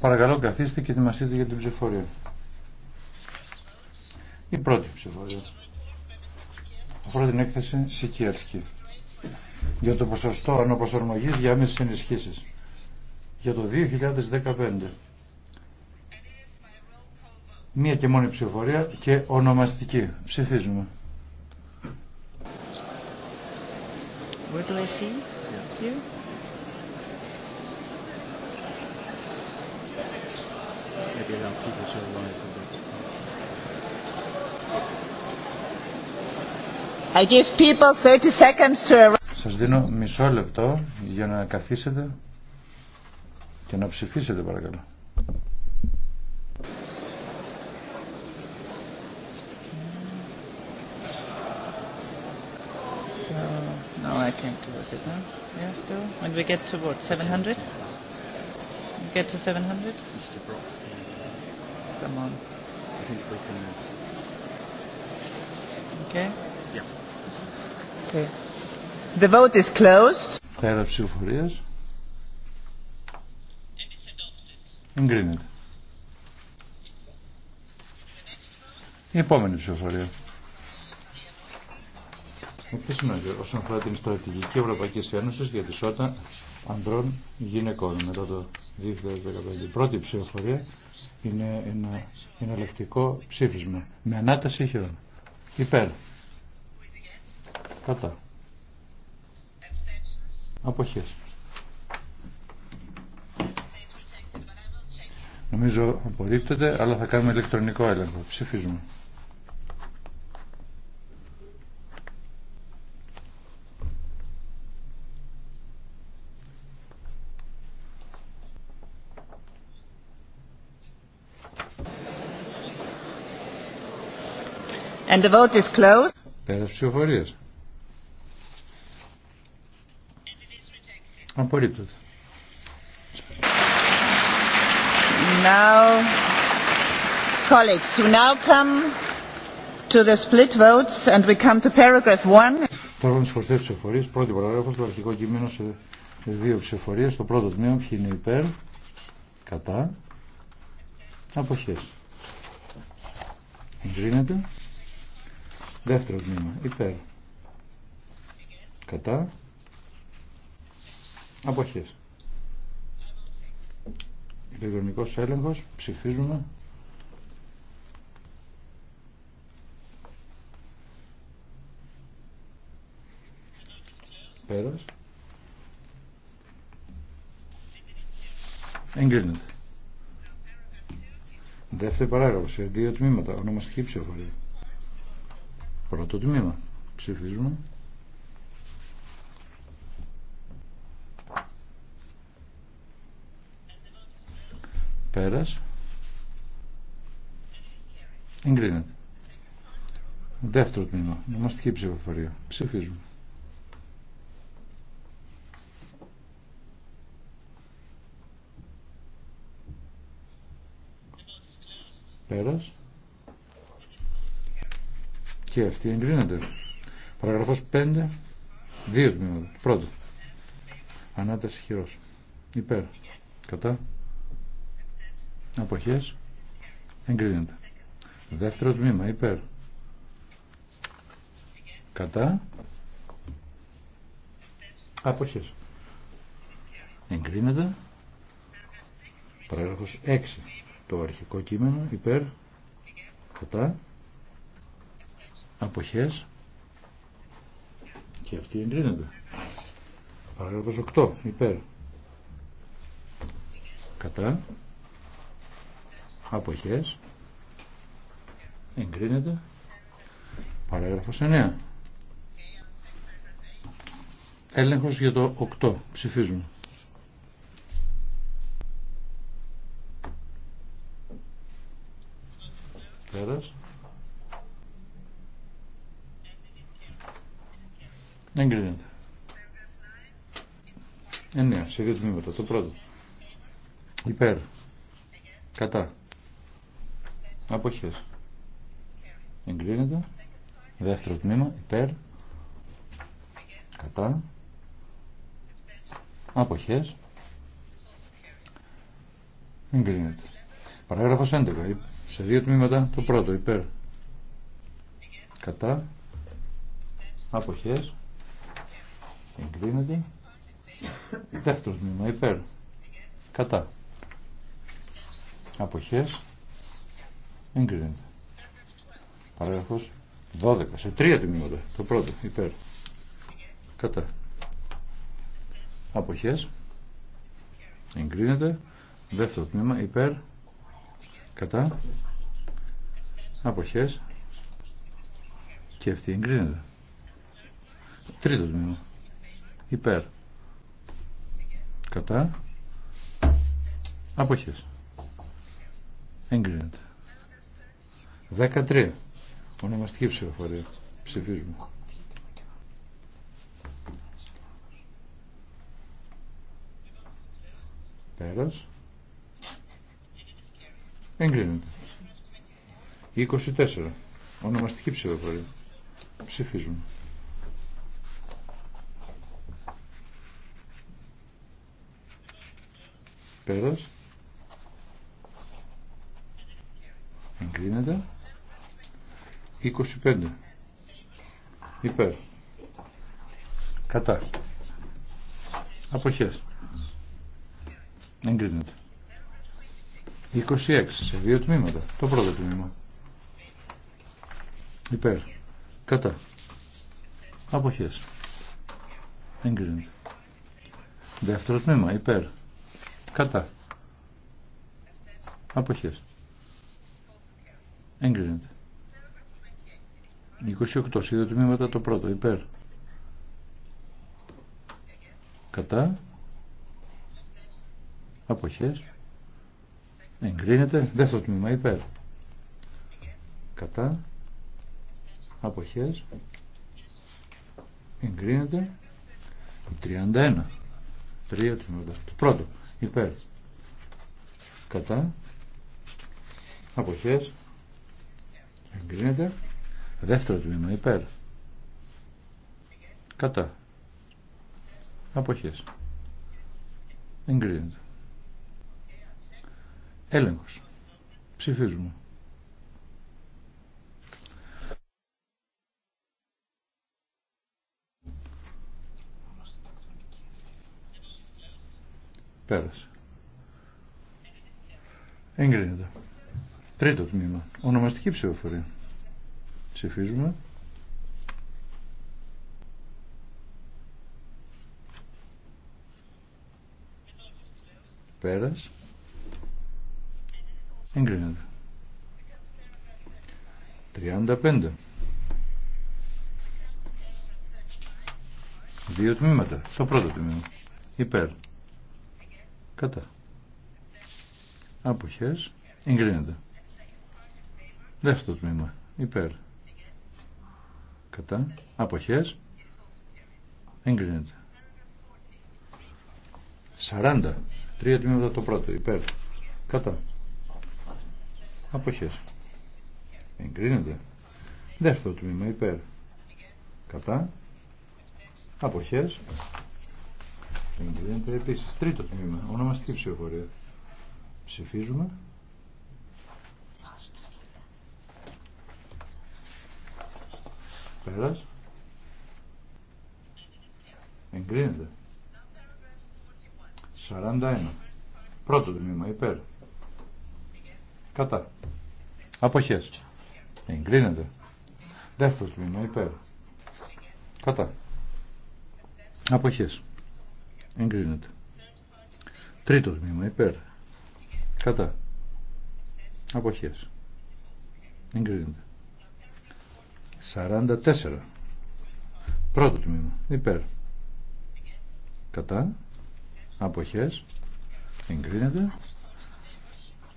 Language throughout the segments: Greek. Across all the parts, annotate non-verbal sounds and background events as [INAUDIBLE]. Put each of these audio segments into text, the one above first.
Παρακαλώ καθίστε και ετοιμαστείτε για την ψηφορία. Η πρώτη ψηφορία. Αφορά την έκθεση Σικιαρχική. Για το ποσοστό αναπροσαρμογής για άμεσες ενισχύσεις. Για το 2015. Μία και μόνη ψηφορία και ονομαστική. Ψηφίζουμε. Where see? maybe allow people to arrive a bit. I give people 30 seconds to arrive. Σας δίνω μισό λεπτό για να καθίσετε και να ψηφίσετε παρακαλώ. So, now I can do this, system. Yeah, still. When we get to what, 700? get to 700? Mr. Brooks. Come on. I think we can. Okay. Yeah. Okay. The vote is closed. Πέρα ψηφοφορίας. Εγκρίνεται. Η επόμενη ψηφοφορία σημαίνει όσον αφορά την στρατηγική Ευρωπαϊκή Ένωση για τη σώτα ανδρών γυναικών μετά το 2015. Η πρώτη ψηφοφορία είναι ένα εναλλακτικό ψήφισμα με ανάταση χειρών. Υπέρ. Κατά. Αποχές. Νομίζω απορρίπτεται, αλλά θα κάνουμε ηλεκτρονικό έλεγχο. Ψήφισμα. And the vote is closed. Πέρας ψηφοφορίες. Απορρίπτωται. Now, colleagues, we now come to the split votes and we come to paragraph 1. Τώρα με τις χωριστές ψηφοφορίες, πρώτη παράγραφος, το αρχικό κείμενο σε δύο ψηφοφορίες, το πρώτο τμήμα, ποιοι είναι υπέρ, κατά, αποχές. Εγκρίνεται. Δεύτερο τμήμα. Υπέρ. Κατά. Αποχές. Ηλεκτρονικός έλεγχος. Ψηφίζουμε. Πέρας. Εγκρίνεται. Δεύτερη παράγραφο Σε δύο τμήματα. Ονομαστική ψηφοφορία. Πρώτο τμήμα. Ψηφίζουμε. Πέρας. Εγκρίνεται. Δεύτερο τμήμα. Νομαστική ψηφοφορία. Ψηφίζουμε. Πέρας και αυτή εγκρίνεται. Παραγραφός 5, δύο τμήματα. Πρώτο, ανάταση χειρός. Υπέρ, κατά, αποχές, εγκρίνεται. Δεύτερο τμήμα, υπέρ, κατά, αποχές. Εγκρίνεται. Παράγραφος 6. Το αρχικό κείμενο υπέρ κατά αποχές και αυτή εγκρίνεται. Παράγραφος 8 υπέρ κατά αποχές εγκρίνεται. Παράγραφος 9. Έλεγχος για το 8. Ψηφίζουμε. σε δύο τμήματα. Το πρώτο. Υπέρ. Κατά. Αποχές. εγκλίνεται. Δεύτερο τμήμα. Υπέρ. Κατά. Αποχές. εγκλίνεται. Παράγραφος 11. Σε δύο τμήματα. Το πρώτο. Υπέρ. Κατά. Αποχές. εγκλίνεται Δεύτερο τμήμα υπέρ. Κατά. Αποχές. Εγκρίνεται. Παράγραφος 12. Σε τρία τμήματα. Το πρώτο υπέρ. Κατά. Αποχές. Εγκρίνεται. Δεύτερο τμήμα υπέρ. Κατά. Αποχές. Και αυτή εγκρίνεται. Τρίτο τμήμα. Υπέρ. Κατά. Αποχές. Εγκρίνεται. 13. Ονομαστική ψηφοφορία. Ψηφίζουμε. Πέρας. Εγκρίνεται. 24. Ονομαστική ψηφοφορία. Ψηφίζουμε. Πέρας. Εγκρίνεται. 25. Υπέρ. Κατά. Αποχές. Εγκρίνεται. 26 σε δύο τμήματα. Το πρώτο τμήμα. Υπέρ. Κατά. Αποχές. Εγκρίνεται. Δεύτερο τμήμα. Υπέρ. Κατά. Αποχές. Έγκρινεται. 28. Σύνδεο τμήματα το πρώτο. Υπέρ. Κατά. Αποχές. Εγκρίνεται. Δεύτερο τμήμα. Υπέρ. Κατά. Αποχές. Εγκρίνεται. 31. Τρία τμήματα. Το πρώτο υπέρ κατά αποχές εγκρίνεται δεύτερο τμήμα υπέρ κατά αποχές εγκρίνεται έλεγχος ψηφίζουμε Πέρασε. Εγκρίνεται. Τρίτο τμήμα. Ονομαστική ψηφοφορία. Ψηφίζουμε. Πέρας. Εγκρίνεται. 35. Δύο τμήματα. Το πρώτο τμήμα. Υπέρ. Κατά. Αποχές. Εγκρίνεται. Δεύτερο τμήμα. Υπέρ. Κατά. Αποχές. Εγκρίνεται. Σαράντα. Τρία τμήματα το πρώτο. Υπέρ. Κατά. Αποχές. Εγκρίνεται. Δεύτερο τμήμα. Υπέρ. Κατά. Αποχές. Εγκρίνεται επίση. Τρίτο τμήμα. Ονομαστική ψηφοφορία. Ψηφίζουμε. Πέρα. Εγκρίνεται. 41. Πρώτο τμήμα. Υπέρ. Κατά. Αποχέ. Εγκρίνεται. Δεύτερο τμήμα. Υπέρ. Κατά. Αποχές. Εγκρίνεται. Τρίτο τμήμα υπέρ. Κατά. Αποχές. Εγκρίνεται. 44. Πρώτο τμήμα. Υπέρ. Κατά. Αποχές. Εγκρίνεται.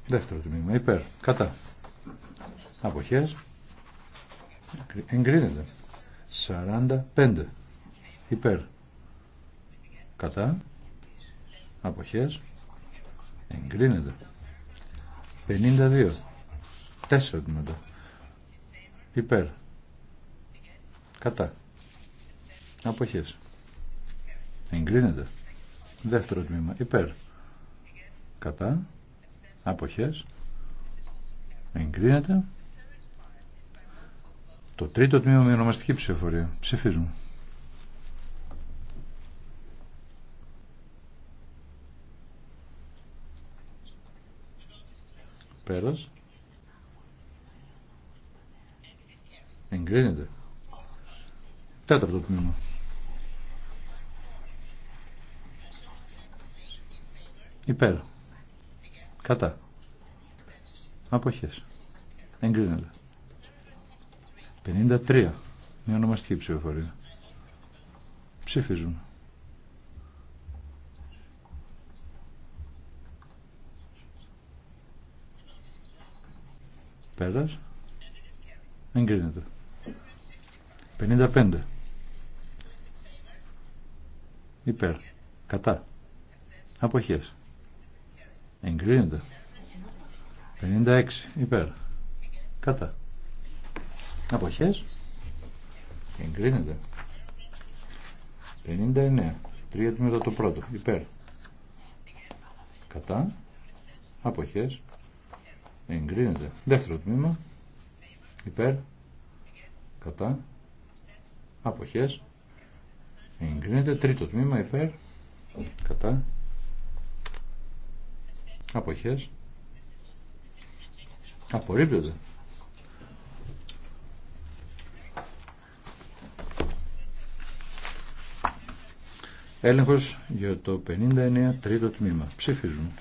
Δεύτερο τμήμα. Υπέρ. Κατά. Αποχές. Εγκρίνεται. 45. Υπέρ κατά αποχές εγκρίνεται 52 τέσσερα τμήματα υπέρ κατά αποχές εγκρίνεται δεύτερο τμήμα υπέρ κατά αποχές εγκρίνεται το τρίτο τμήμα με ονομαστική ψηφοφορία ψηφίζουμε Πέρας. Εγκρίνεται. Τέταρτο τμήμα. Υπέρ. Κατά. Αποχές. Εγκρίνεται. 53. Μια ονομαστική ψηφοφορία. Ψηφίζουμε. Πέρας. Εγκρίνεται. 55. Υπέρ. Κατά. Αποχές. Εγκρίνεται. 56. Υπέρ. Κατά. Αποχές. Εγκρίνεται. 59. Τρία τμήματα το πρώτο. Υπέρ. Κατά. Αποχές. Εγκρίνεται. Δεύτερο τμήμα. Υπέρ. Κατά. Αποχές. Εγκρίνεται. Τρίτο τμήμα. Υπέρ. Κατά. Αποχές. απορρίπτωται. Έλεγχος για το 59 τρίτο τμήμα. Ψήφιζουν.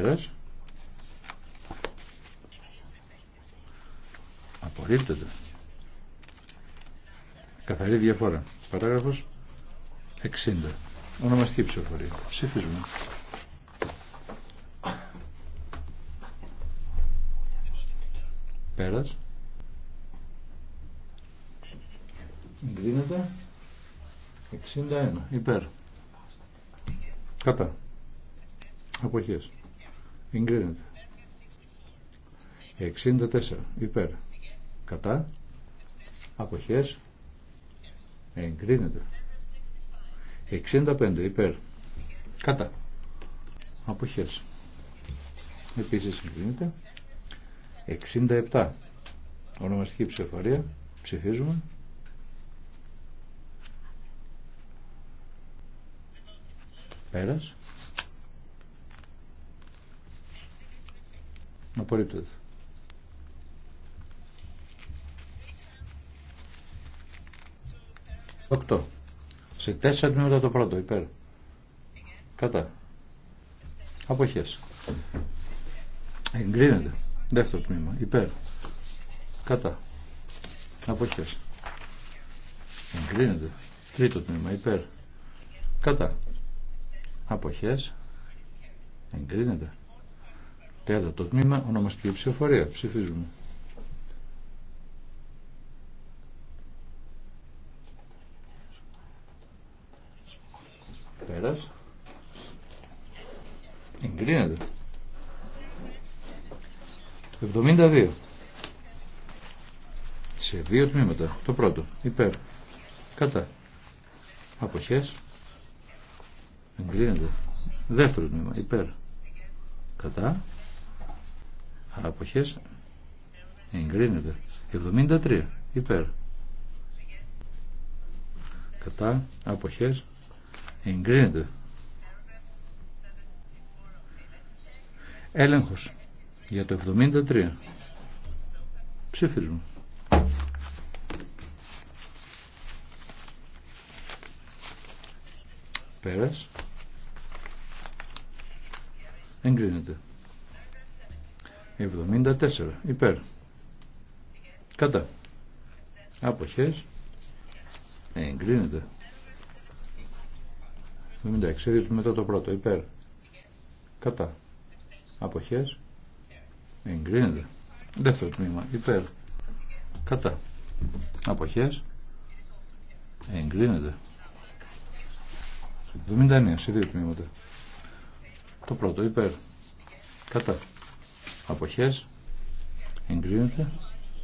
πέρας απορρίπτεται καθαρή διαφορά παράγραφος 60 ονομαστική ψηφοφορία ψηφίζουμε πέρας εγκρίνεται 61 υπέρ κατά αποχές Εγκρίνεται. 64. Υπέρ. Κατά. Αποχές. Εγκρίνεται. 65. Υπέρ. Κατά. Αποχές. Επίσης εγκρίνεται. 67. Ονομαστική ψηφοφορία. Ψηφίζουμε. Πέρας. Απορρίπτεται. Οκτώ. Σε τέσσερα τμήματα το πρώτο, υπέρ. Κατά. Αποχές. Εγκρίνεται. Δεύτερο τμήμα, υπέρ. Κατά. Αποχές. Εγκρίνεται. Τρίτο τμήμα, υπέρ. Κατά. Αποχές. Εγκρίνεται. Τέταρτο τμήμα, ονομαστική ψηφοφορία. Ψηφίζουμε. Πέρας. Εγκρίνεται. 72. Σε δύο τμήματα. Το πρώτο. Υπέρ. Κατά. Αποχές. Εγκρίνεται. Δεύτερο τμήμα. Υπέρ. Κατά αποχές εγκρίνεται 73 υπέρ κατά αποχές εγκρίνεται έλεγχος για το 73 ψηφίζουμε πέρας εγκρίνεται 74 υπέρ κατά αποχές εγκρίνεται 76 του μετά το πρώτο υπέρ κατά αποχές εγκρίνεται δεύτερο τμήμα υπέρ κατά αποχές εγκρίνεται 79 σε δύο τμήματα το πρώτο υπέρ κατά αποχές εγκρίνεται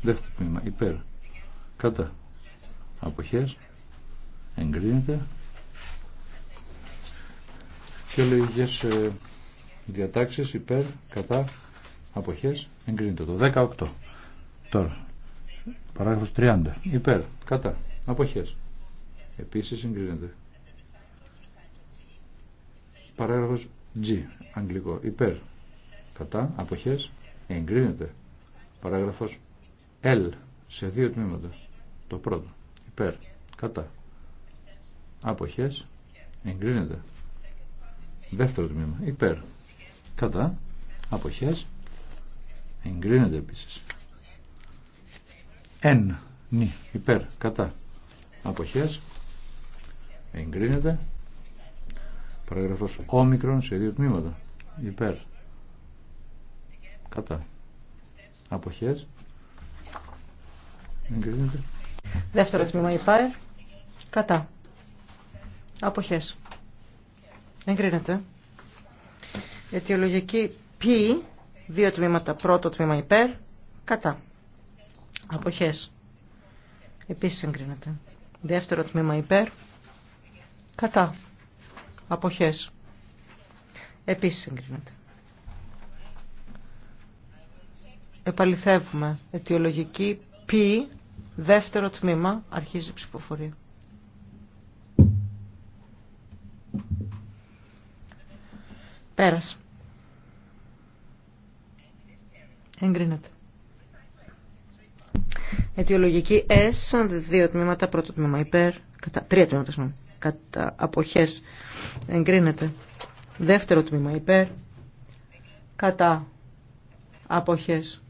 δεύτερο τμήμα υπέρ κατά αποχές εγκρίνεται και λογικές ε, διατάξεις υπέρ κατά αποχές εγκρίνεται το 18 τώρα παράγραφος 30 υπέρ κατά αποχές επίσης εγκρίνεται παράγραφος G αγγλικό υπέρ κατά αποχές εγκρίνεται παράγραφος L σε δύο τμήματα το πρώτο υπέρ κατά αποχές εγκρίνεται δεύτερο τμήμα υπέρ κατά αποχές εγκρίνεται επίσης εν νι, υπέρ κατά αποχές εγκρίνεται παράγραφος όμικρον σε δύο τμήματα υπέρ Κατά. Αποχές. Εγκρίνεται. Δεύτερο τμήμα υπέρ. Κατά. Αποχές. Εγκρίνεται. Αιτιολογική π. Δύο τμήματα. Πρώτο τμήμα υπέρ. Κατά. Αποχές. Επίσης εγκρίνεται. Δεύτερο τμήμα υπέρ. Κατά. Αποχές. Επίσης εγκρίνεται. Επαληθεύουμε. Αιτιολογική π, δεύτερο τμήμα, αρχίζει η ψηφοφορία. Πέρασε. Εγκρίνεται. Αιτιολογική S, δύο τμήματα, πρώτο τμήμα υπέρ, κατά, τρία τμήματα, συγγνώμη, κατά αποχές, εγκρίνεται. Δεύτερο τμήμα υπέρ, κατά αποχές,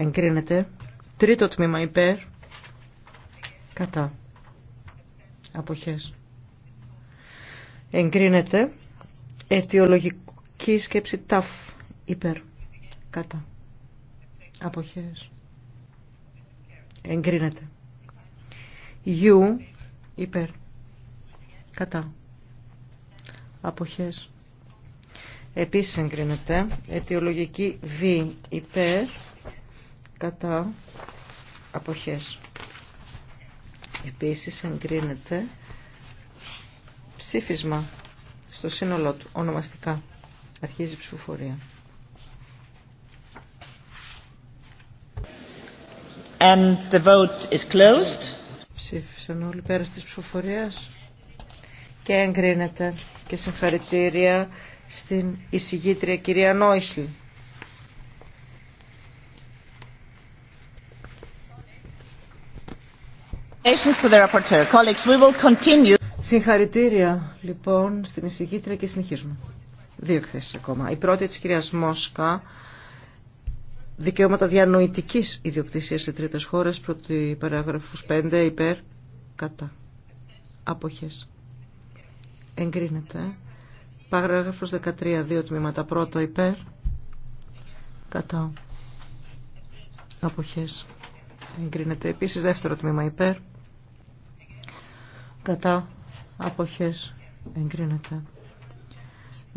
Εγκρίνεται. Τρίτο τμήμα υπέρ. Κατά. Αποχές. Εγκρίνεται. Αιτιολογική σκέψη ταφ. Υπέρ. Κατά. Αποχές. Εγκρίνεται. Γιου. Υπέρ. Κατά. Αποχές. Επίσης εγκρίνεται. Αιτιολογική v Υπέρ κατά αποχές. Επίσης εγκρίνεται ψήφισμα στο σύνολό του, ονομαστικά. Αρχίζει η ψηφοφορία. And the vote is closed. Ψήφισαν όλοι πέρα της ψηφοφορίας και εγκρίνεται και συγχαρητήρια στην εισηγήτρια κυρία Συγχαρητήρια λοιπόν στην εισηγήτρια και συνεχίζουμε. Δύο εκθέσει ακόμα. Η πρώτη τη κυρία Μόσκα, δικαιώματα διανοητική ιδιοκτησία σε τρίτε χώρε πρώτη παράγραφους 5, υπέρ, κατά. Αποχέ. Εγκρίνεται. Παράγραφο 13, δύο τμήματα, πρώτο υπέρ, κατά. Αποχέ. Εγκρίνεται Επίση, δεύτερο τμήμα υπέρ κατά αποχές εγκρίνεται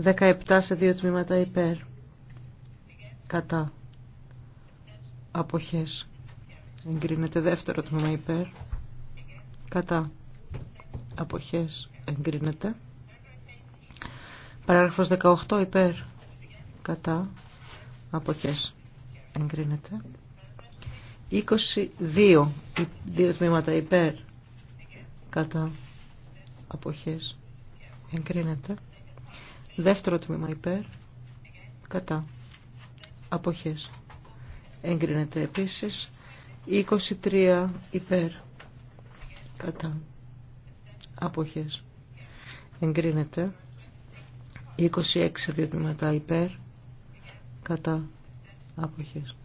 17 σε δύο τμήματα υπέρ κατά αποχές εγκρίνεται δεύτερο τμήμα υπέρ κατά αποχές εγκρίνεται παράγραφος 18 υπέρ κατά αποχές εγκρίνεται 22 δύο τμήματα υπέρ κατά αποχές εγκρίνεται δεύτερο τμήμα υπέρ κατά αποχές εγκρίνεται επίσης 23 υπέρ κατά αποχές εγκρίνεται 26 δύο υπέρ κατά αποχές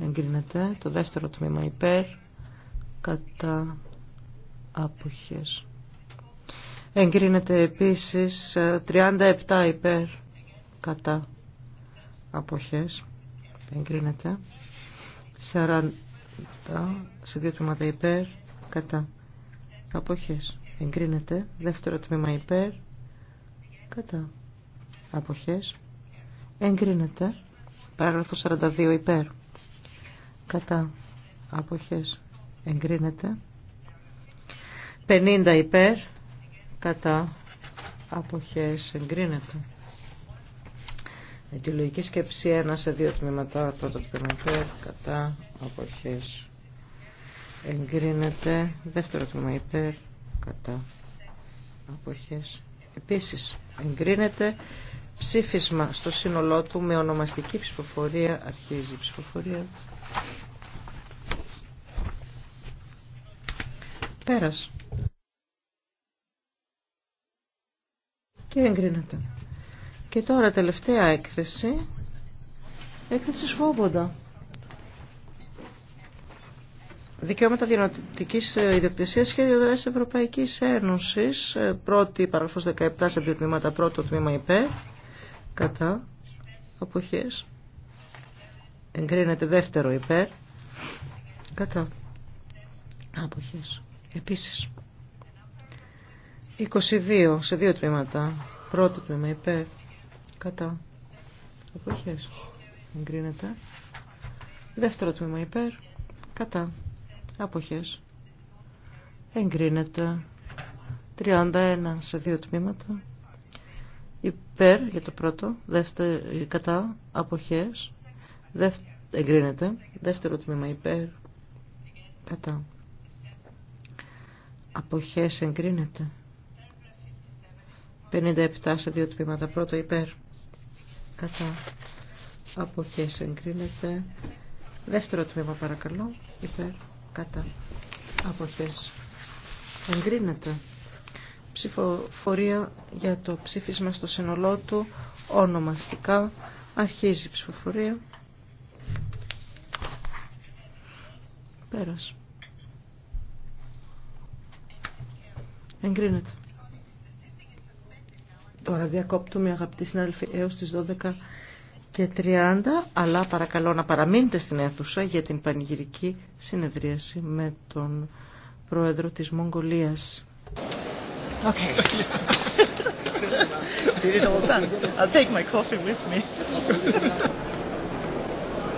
εγκρίνεται το δεύτερο τμήμα υπέρ κατά αποχές. Εγκρίνεται επίσης 37 ε, υπέρ κατά αποχές. Εγκρίνεται 40 σε δύο τμήματα υπέρ κατά αποχές. Εγκρίνεται δεύτερο τμήμα υπέρ κατά αποχές. Εγκρίνεται παράγραφο 42 υπέρ κατά αποχές. Εγκρίνεται 50 υπέρ κατά αποχές εγκρίνεται. αντιλογική σκέψη 1 σε δύο τμήματα. Πρώτο τμήμα υπέρ κατά αποχές εγκρίνεται. Δεύτερο τμήμα υπέρ κατά αποχές επίσης εγκρίνεται. Ψήφισμα στο σύνολό του με ονομαστική ψηφοφορία αρχίζει η ψηφοφορία. Πέρας. και εγκρίνεται. Και τώρα τελευταία έκθεση, έκθεση Σφόμποντα. Δικαιώματα διανοητική ιδιοκτησία σχέδιο δράση Ευρωπαϊκή Ένωση. Ε, πρώτη παραγωγή 17 σε δύο τμήματα. Πρώτο τμήμα υπέρ. Κατά. Αποχέ. Εγκρίνεται δεύτερο υπέρ. Κατά. Αποχέ. Επίση. 22 σε δύο τμήματα. Πρώτο τμήμα υπέρ. Κατά. Αποχές. Εγκρίνεται. Δεύτερο τμήμα υπέρ. Κατά. Αποχές. Εγκρίνεται. 31 σε δύο τμήματα. Υπέρ για το πρώτο. Δεύτερο, κατά. Αποχές. Δεύτερο, εγκρίνεται. Δεύτερο τμήμα υπέρ. Κατά. Αποχές εγκρίνεται. 57 σε δύο τμήματα. Πρώτο υπέρ. Κατά. Αποχές εγκρίνεται. Δεύτερο τμήμα παρακαλώ. Υπέρ. Κατά. Αποχές. Εγκρίνεται. Ψηφοφορία για το ψήφισμα στο σύνολό του. Ονομαστικά. Αρχίζει η ψηφοφορία. Πέρας. Εγκρίνεται. Τώρα διακόπτουμε αγαπητοί συνάδελφοι έως τις 12 και 30, αλλά παρακαλώ να παραμείνετε στην αίθουσα για την πανηγυρική συνεδρίαση με τον πρόεδρο της Μογγολίας. Okay. [LAUGHS] I'll take my coffee with me.